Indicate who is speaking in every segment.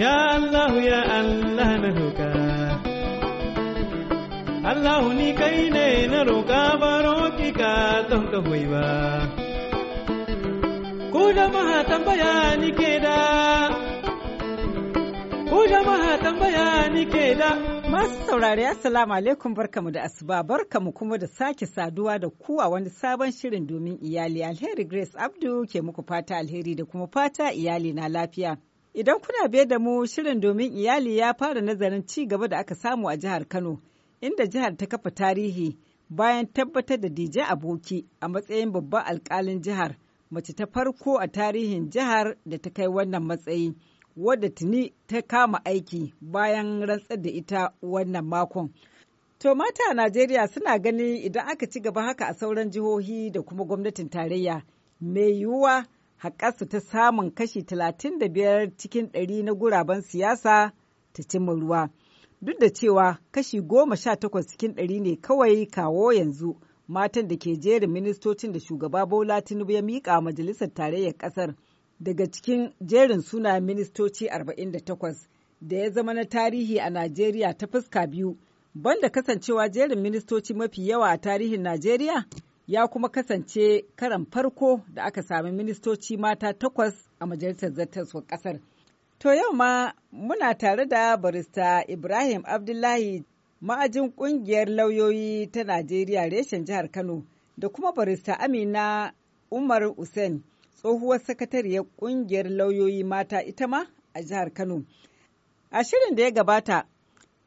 Speaker 1: Ya Allah ya Allah na roƙa Allah ni kai ne na roƙa baro ki ka don ka hoyi ba Ku Ma tambaya ni ke da
Speaker 2: Ku tambaya ni ke da Masu saurari assalamu alaikum barkamu da asuba barkamu kuma da sake saduwa da kuwa wani sabon shirin domin iyali alheri Grace Abdu ke muku fata alheri da kuma fata iyali na lafiya. Idan kuna biye da mu shirin domin iyali ya fara nazarin ci gaba da aka samu a jihar Kano, inda jihar ta kafa tarihi bayan tabbatar da DJ Aboki a matsayin babban alkalin jihar, mace ta farko a tarihin jihar da ta kai wannan matsayi, wadda tuni ta kama aiki bayan rantsar da ita wannan makon. To mata a Najeriya suna gani idan aka ci gaba haka a sauran jihohi da kuma gwamnatin tarayya, mai yiwuwa haƙarsu ta samun kashi 35 cikin 100 na guraben siyasa ta cimma ruwa. Duk da cewa kashi goma sha takwas cikin ɗari ne kawai kawo yanzu matan da ke jerin ministocin da shugaba Bola Tinubu ya miƙa majalisar tarayyar ƙasar daga cikin jerin suna ministoci 48 da ya zama na tarihi a Najeriya ta fuska biyu. Banda kasancewa jerin ministoci mafi yawa a tarihin Najeriya, ya kuma kasance karan farko da aka sami ministoci mata takwas a majalisar zartaswar kasar. To yau ma muna tare da barista Ibrahim Abdullahi ma'ajin kungiyar lauyoyi ta Najeriya reshen jihar Kano da kuma barista Amina Umar Hussein tsohuwar sakatariyar kungiyar lauyoyi mata ita ma a jihar Kano. A shirin da ya gabata,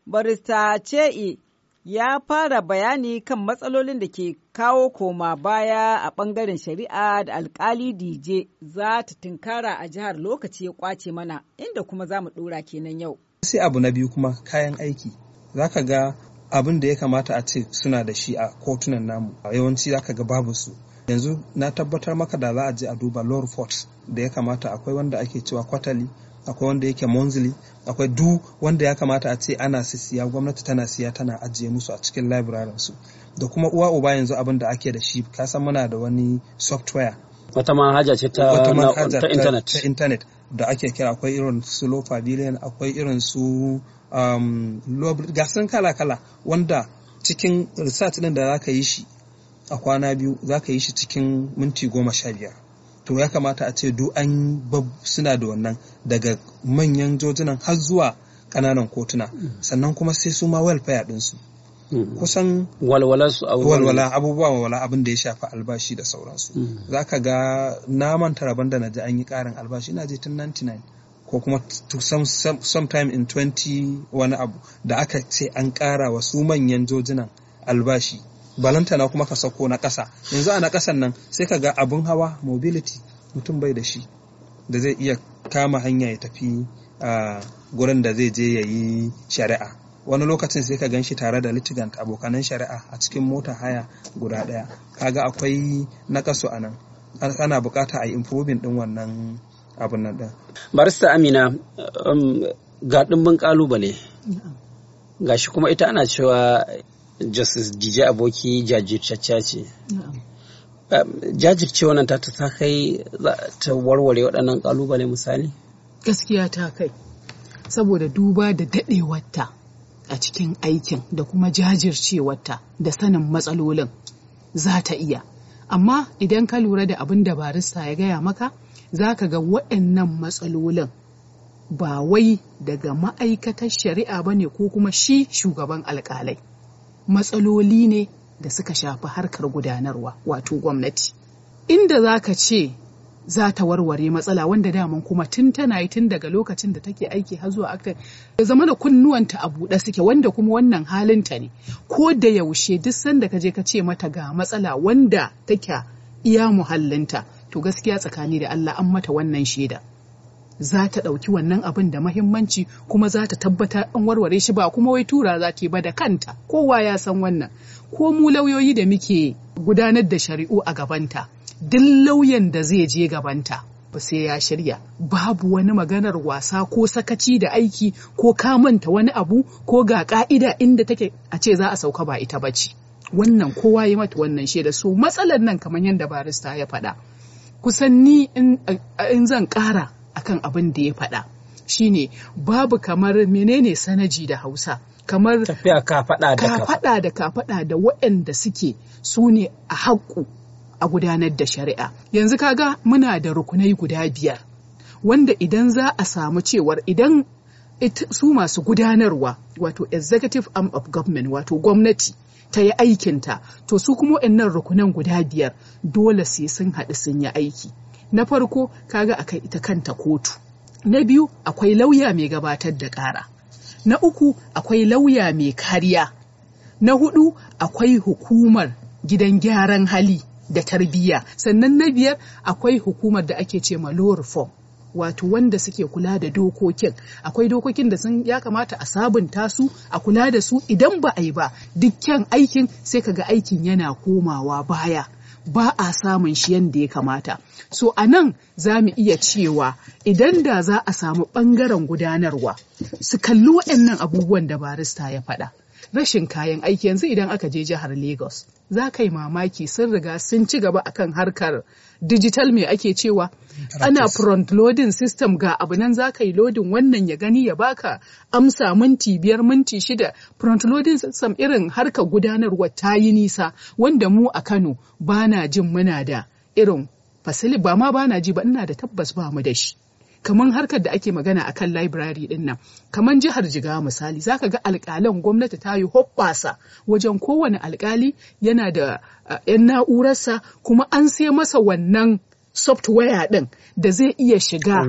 Speaker 2: barista Ce'i ya fara bayani kan matsalolin da ke kawo koma baya a ɓangaren shari'a da alkali DJ za ta tunkara a jihar lokaci ya kwace mana inda kuma za mu ɗora kenan yau.
Speaker 1: Sai abu na biyu kuma kayan aiki. Za ka ga abin da ya kamata a ce suna da shi a kotunan namu. Yawanci za ka ga babu su. Yanzu na tabbatar maka da za a je a duba law reports da ya kamata akwai wanda ake cewa kwatali akwai wanda yake monzili akwai du wanda ya kamata a ce ana siya gwamnati tana siya tana ajiye musu a cikin labirarin su da kuma uwa uba yanzu abin da ake da shi kasan muna da wani software wata manhaja ce ta, internet ta internet da ake kira akwai irin su low pavilion akwai irin su um, gasan kala-kala wanda cikin research din da zaka yi shi a kwana biyu zaka yi shi cikin minti goma sha biyar to ya kamata a ce duk an suna da wannan daga manyan jojinan har zuwa kananan kotuna sannan kuma sai su ma welfare dinsu mm-hmm. kusan walwala abubuwa walwala abin da ya shafi albashi da sauransu mm-hmm. za ka ga na manta da na ji an yi karin albashi na je tun 99 ko kuma sometime in 20 wani abu da aka ce an ƙara wasu manyan jojinan albashi balantana kuma ka sauko na ƙasa yanzu a na ƙasan nan sai ka ga abin hawa mobility mutum bai da shi da zai iya kama hanya ya tafi a gurin da zai je ya yi shari'a wani lokacin sai ka gan shi tare da litigant abokanan shari'a a cikin mota haya guda ɗaya kaga akwai nakasu a nan ana bukata a yi improving ɗin wannan abin nan ɗin
Speaker 3: barista amina um, ga ɗimbin ƙalubale gashi kuma ita ana cewa justice Jiji aboki jajirtacciya ce jajirce wannan ta ta kai ta warware waɗannan ƙalubale misali
Speaker 4: gaskiya ta kai saboda duba da daɗewarta a cikin aikin da kuma jajircewarta da sanin matsalolin za ta iya amma idan ka lura da abin da barista ya gaya maka za ka ga waɗannan matsalolin ba wai daga ma'aikatar shari'a ba ne ko kuma shi shugaban alƙalai matsaloli ne da suka shafi harkar gudanarwa wato gwamnati inda za ka ce za ta warware matsala wanda daman kuma tun tana yi tun daga lokacin da take aiki har zuwa akta ya zama da kunnuwanta a buɗe suke wanda kuma wannan halinta ne ko da yaushe duk sanda ka je ka ce mata ga matsala wanda take iya muhallinta to gaskiya tsakani da Allah an mata wannan shaida za ta ɗauki wannan abin da mahimmanci kuma za ta tabbatar an warware shi ba kuma wai tura za ta ba da kanta kowa ya san wannan ko mu lauyoyi da muke gudanar da shari'u a gabanta duk lauyan da zai je gabanta ba sai ya shirya babu wani maganar wasa ko sakaci da aiki ko kamanta wani abu ko ga ka'ida inda take a ce za a sauka ba ita ba ce. wannan kowa ya mata wannan shaida so matsalar nan kamar yadda barista ya faɗa kusan ni in zan ƙara akan abin da ya faɗa shine babu kamar menene sanaji da hausa kamar tafiya ka faɗa da ka faɗa da ka faɗa da waɗanda suke su ne a haƙƙu a gudanar da shari'a yanzu kaga muna da rukunai guda biyar wanda idan za a samu cewar idan su masu gudanarwa wato executive arm of government wato gwamnati ta yi aikinta to su kuma waɗannan rukunan guda biyar dole sai sun haɗu sun yi aiki na farko kaga akai ita kanta kotu na biyu akwai lauya mai gabatar da ƙara na uku akwai lauya mai kariya na hudu akwai hukumar gidan gyaran hali da tarbiyya sannan na biyar akwai hukumar da ake ce ma wato wanda suke kula da dokokin akwai dokokin da sun ya kamata a sabunta su a kula da su idan ba a yi ba dukkan aikin sai kaga aikin yana komawa baya ba a samun shi yadda ya kamata. So a nan za mu iya cewa idan da za a samu ɓangaren gudanarwa su kalli waɗannan abubuwan da barista ya faɗa. rashin kayan aiki yanzu idan aka je jihar Lagos za ka yi mamaki sun riga sun ci gaba akan harkar digital mai ake cewa ana front loading system ga abu nan za ka yi loading wannan ya gani ya baka amsa minti biyar minti shida front loading system irin harka gudanarwa ta yi nisa wanda mu a Kano ba na jin muna da irin fasili ba ma ba na ji ba ina da tabbas ba mu da shi. kamar harkar da ake magana a kan library din nan kamar jihar Jiga misali zaka ga alƙalan gwamnati ta yi hoɓɓasa wajen kowane alƙali yana da 'yan na'urarsa kuma an sai masa wannan software ɗin da zai iya shiga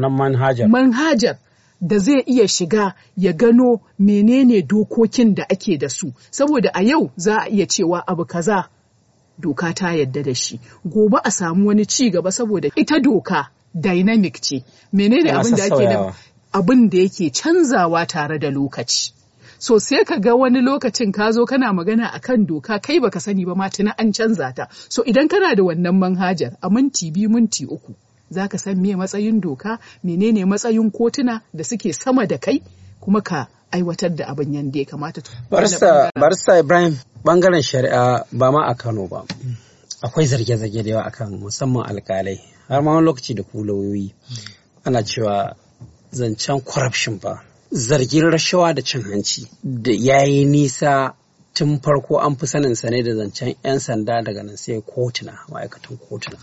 Speaker 4: manhajar da zai iya shiga ya gano menene dokokin da ake da su saboda a yau za a iya cewa abu kaza doka ta yadda da shi gobe a samu wani ci gaba saboda ita doka dynamic ce menene abin da
Speaker 2: ake
Speaker 4: yake canzawa tare da lokaci so sai ka ga wani lokacin ka zo kana magana a kan doka kai baka sani ba ma tuna an canza ta so idan kana da wannan manhajar a minti biyu minti uku zaka san me matsayin doka menene matsayin kotuna da suke sama da kai kuma ka aiwatar da abin yadda ya kamata barista
Speaker 3: Ibrahim bangaren shari'a ba ma a Kano ba. Akwai zarge-zarge da yawa akan musamman alkalai har ma wani lokaci da kulawoyi ana cewa zancen corruption ba. Zargin rashawa da cin hanci da ya yi nisa tun farko an fi sanin sa ne da zancen 'yan sanda daga nan sai kotuna ma'aikatan kotuna.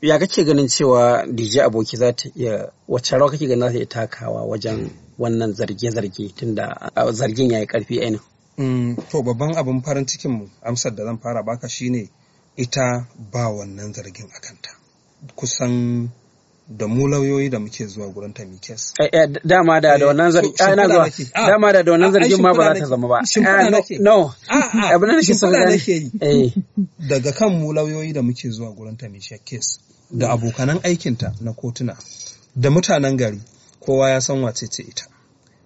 Speaker 3: Ya kake ganin cewa DJ aboki za ta iya wacce rawa kake ganin za ta iya takawa wajen wannan zarge-zarge tunda zargin ya yi ƙarfi ainihin.
Speaker 1: Mm, to babban abin farin cikin mu amsar da zan fara baka shine ita ba wannan zargin a kanta kusan da mu lauyoyi da muke zuwa gurin ta mikes
Speaker 3: ah, dama da da wannan zargin ah, dama da da wannan zargin ma ba za ta zama ba eh, no ah,
Speaker 1: abin da shi nake yi eh. daga kan mu lauyoyi da muke zuwa gurin ta mikes da abokanan aikinta na kotuna da mutanen gari kowa ya san wace ce ita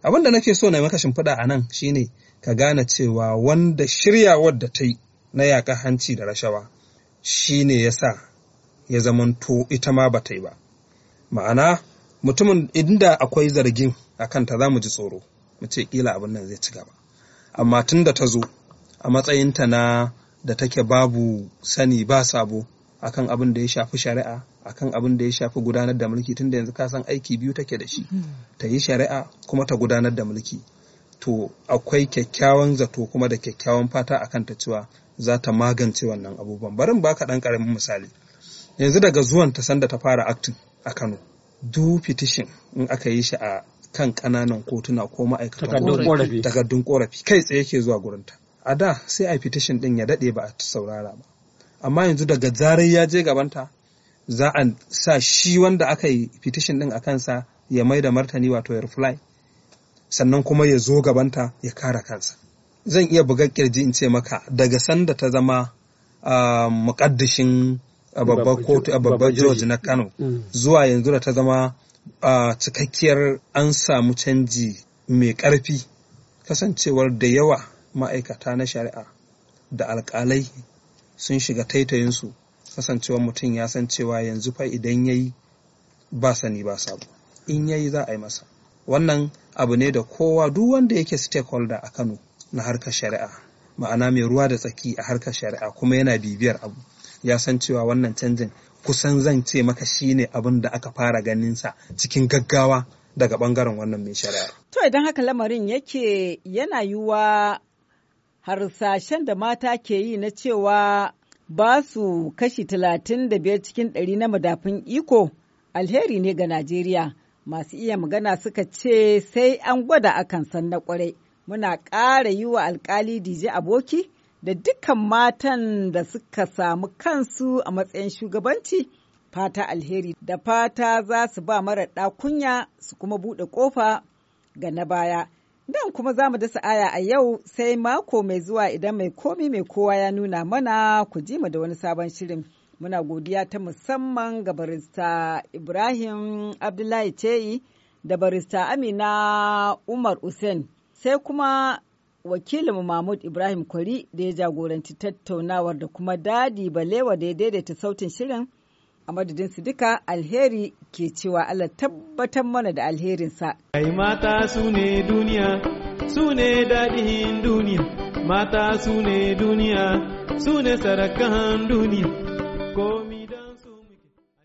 Speaker 1: abin da nake so na maka shimfiɗa a nan shine ka gane cewa wanda shiryawar da ta yi na yaƙa hanci da rashawa shi ne ya sa ya zamanto ita ma ba ta yi ba ma'ana mutumin inda akwai zargin a kanta za mu ji tsoro mu ce ƙila abin nan zai ci gaba amma tun da ta zo a matsayinta na da take babu sani ba sabo akan abin da ya shafi shari'a akan abin da ya shafi gudanar da mulki tun da yanzu ka san aiki biyu take da shi mm-hmm. ta yi shari'a kuma ta gudanar da mulki to akwai kyakkyawan zato kuma da kyakkyawan fata a kanta cewa za ta magance wannan abubuwan barin ba ka ɗan ƙaramin misali yanzu daga zuwan ta sanda ta fara aktin a kano du fitishin in aka yi shi a kan ƙananan kotuna ko ma'aikatan takardun korafi kai tsaye ke zuwa gurinta a da sai a petition ɗin ya daɗe ba a saurara ba amma yanzu daga zarar ya je gabanta za a sa shi wanda aka yi fitishin ɗin a kansa ya mai da martani wato ya reply sannan kuma ya zo gabanta ya kara kansa zan iya buga kirji in ce maka daga sanda ta zama ah, mukaddishin ah, babbar kotu a babbar george na kano mm. zuwa yanzu da ta zama ah, cikakkiyar an samu canji mai ƙarfi. kasancewar da yawa ma'aikata na shari'a da alƙalai sun shiga taitayinsu kasancewar mutum ya san cewa yanzu fa idan ya yi ba sani ba sabo in ya yi za a yi masa wannan abu ne da kowa duk wanda yake stakeholder a kano na harkar shari'a ma'ana mai ruwa da tsaki a harkar shari'a kuma yana bibiyar abu ya san cewa wannan canjin kusan zan ce maka shine abin da aka fara ganinsa cikin gaggawa daga bangaren wannan mai shari'a.
Speaker 2: To idan haka lamarin yake yana yiwuwa harsashen da mata ke yi na cewa ba su kashi talatin da biyar cikin ɗari na madafin iko alheri ne ga Najeriya. masu iya magana suka ce sai an gwada akan san na kwarai muna ƙara yi wa alkali dije aboki da dukkan matan da suka samu kansu a matsayin shugabanci fata alheri da fata za su ba mara kunya su kuma buɗe ƙofa ga na baya nan kuma za mu dasa aya a yau sai mako mai zuwa idan mai komi mai kowa ya nuna mana ku ji mu da wani sabon shirin. Muna godiya ta musamman ga barista Ibrahim Abdullahi Ceyi da barista Amina Umar Usain sai kuma wakilin Mahmud Ibrahim Kwari da ya jagoranci tattaunawar da kuma dadi balewa da ya daidaita sautin shirin a madadin su duka alheri ke cewa Allah tabbatar mana da alherinsa.
Speaker 1: Kai mata su ne duniya, su ne dadihin duniya, mata su ne duniya, su ne sarakan duniya.